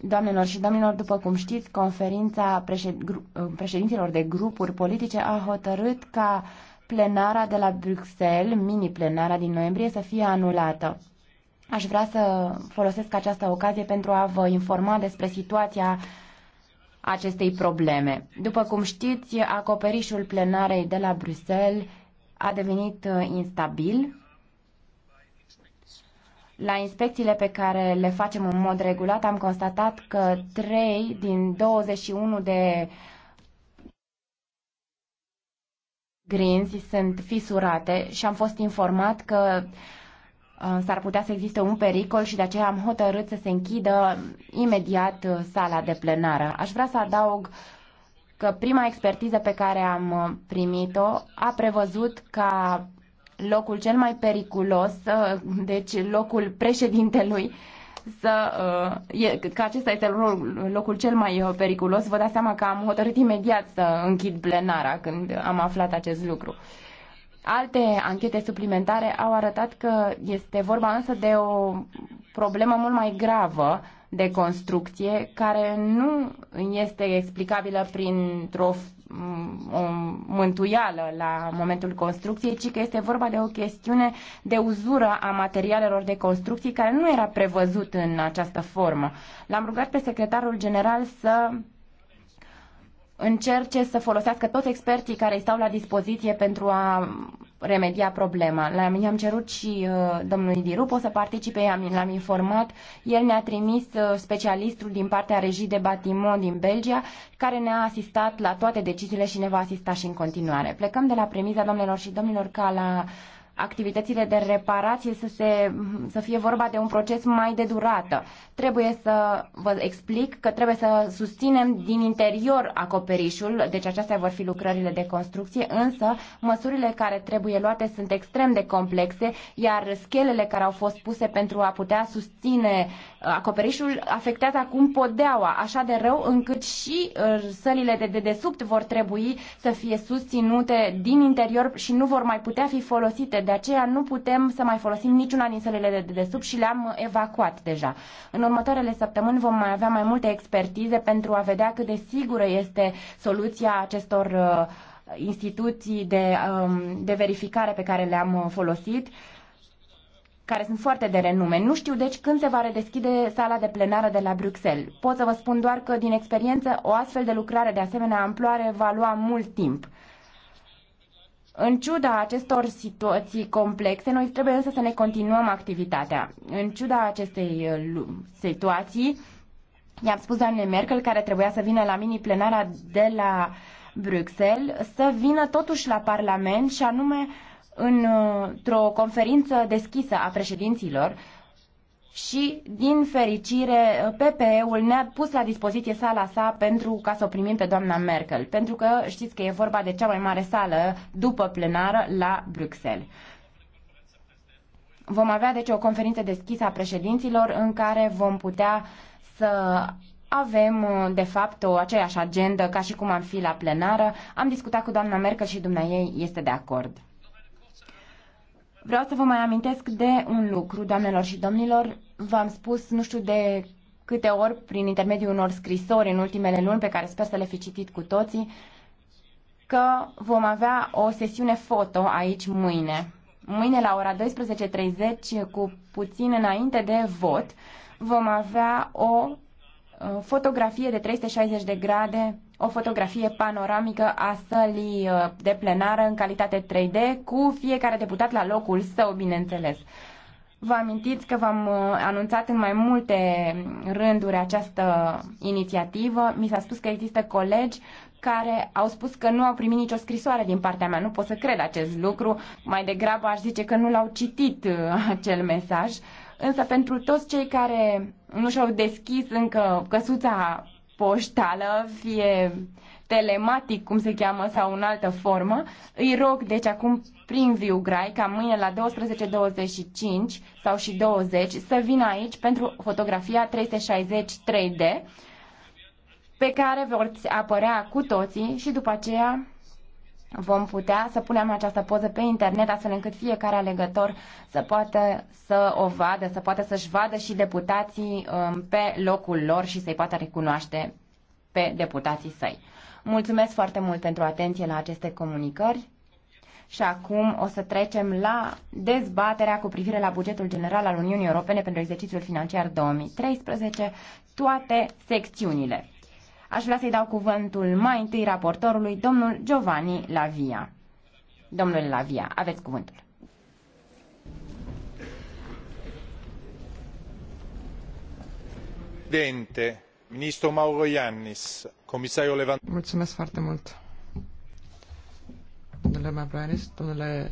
Doamnelor și domnilor, după cum știți, conferința președinților de grupuri politice a hotărât ca plenara de la Bruxelles, mini-plenara din noiembrie, să fie anulată. Aș vrea să folosesc această ocazie pentru a vă informa despre situația acestei probleme. După cum știți, acoperișul plenarei de la Bruxelles a devenit uh, instabil la inspecțiile pe care le facem în mod regulat am constatat că 3 din 21 de grinzi sunt fisurate și am fost informat că uh, s-ar putea să existe un pericol și de aceea am hotărât să se închidă imediat uh, sala de plenară. Aș vrea să adaug că prima expertiză pe care am uh, primit-o a prevăzut ca locul cel mai periculos, deci locul președintelui, să, uh, că acesta este locul cel mai uh, periculos, vă dați seama că am hotărât imediat să închid plenara când am aflat acest lucru. Alte anchete suplimentare au arătat că este vorba însă de o problemă mult mai gravă de construcție care nu este explicabilă printr-o mm, o mântuială la momentul construcției, ci că este vorba de o chestiune de uzură a materialelor de construcții care nu era prevăzut în această formă. L-am rugat pe secretarul general să încerce să folosească toți expertii care îi stau la dispoziție pentru a remedia problema. i-am cerut și uh, domnului Dirupo să participe, l-am informat. El ne-a trimis uh, specialistul din partea regii de Batimon din Belgia, care ne-a asistat la toate deciziile și ne va asista și în continuare. Plecăm de la premiza, domnilor și domnilor, ca la activitățile de reparație să, se, să fie vorba de un proces mai de durată. Trebuie să vă explic că trebuie să susținem din interior acoperișul, deci acestea vor fi lucrările de construcție, însă măsurile care trebuie luate sunt extrem de complexe, iar schelele care au fost puse pentru a putea susține uh, acoperișul afectează acum podeaua, așa de rău încât și uh, sălile de dedesubt vor trebui să fie susținute din interior și nu vor mai putea fi folosite de aceea nu putem să mai folosim niciuna din sălile de dedesubt și le-am evacuat deja. În următoarele săptămâni vom mai avea mai multe expertize pentru a vedea cât de sigură este soluția acestor uh, instituții de, um, de verificare pe care le-am uh, folosit care sunt foarte de renume. Nu știu deci când se va redeschide sala de plenară de la Bruxelles. Pot să vă spun doar că din experiență o astfel de lucrare de asemenea amploare va lua mult timp. În ciuda acestor situații complexe, noi trebuie însă să ne continuăm activitatea. În ciuda acestei uh, situații, i-am spus doamne Merkel, care trebuia să vină la mini-plenara de la Bruxelles, să vină totuși la Parlament și anume uh, într-o conferință deschisă a președinților și, din fericire, PPE-ul ne-a pus la dispoziție sala sa pentru ca să o primim pe doamna Merkel, pentru că știți că e vorba de cea mai mare sală după plenară la Bruxelles. Vom avea, deci, o conferință deschisă a președinților în care vom putea să avem, de fapt, o aceeași agendă ca și cum am fi la plenară. Am discutat cu doamna Merkel și dumnea ei este de acord. Vreau să vă mai amintesc de un lucru, doamnelor și domnilor. V-am spus, nu știu de câte ori, prin intermediul unor scrisori în ultimele luni, pe care sper să le fi citit cu toții, că vom avea o sesiune foto aici mâine. Mâine la ora 12.30, cu puțin înainte de vot, vom avea o Uh, fotografie de 360 de grade, o fotografie panoramică a sălii uh, de plenară în calitate 3D cu fiecare deputat la locul său, bineînțeles. Vă amintiți că v-am uh, anunțat în mai multe rânduri această inițiativă. Mi s-a spus că există colegi care au spus că nu au primit nicio scrisoare din partea mea. Nu pot să cred acest lucru. Mai degrabă aș zice că nu l-au citit acel mesaj. Uh, Însă pentru toți cei care nu și-au deschis încă căsuța poștală, fie telematic, cum se cheamă, sau în altă formă, îi rog, deci acum prin viu grai, ca mâine la 12.25 sau și 20, să vină aici pentru fotografia 360 3D, pe care vor apărea cu toții și după aceea vom putea să punem această poză pe internet astfel încât fiecare alegător să poată să o vadă, să poată să-și vadă și deputații um, pe locul lor și să-i poată recunoaște pe deputații săi. Mulțumesc foarte mult pentru atenție la aceste comunicări și acum o să trecem la dezbaterea cu privire la bugetul general al Uniunii Europene pentru exercițiul financiar 2013, toate secțiunile. Aș vrea să-i dau cuvântul mai întâi raportorului, domnul Giovanni Lavia. Domnule Lavia, aveți cuvântul. Dente, ministru Mauro Iannis, comisarul Levan... Mulțumesc foarte mult. Domnule Mabranis, domnule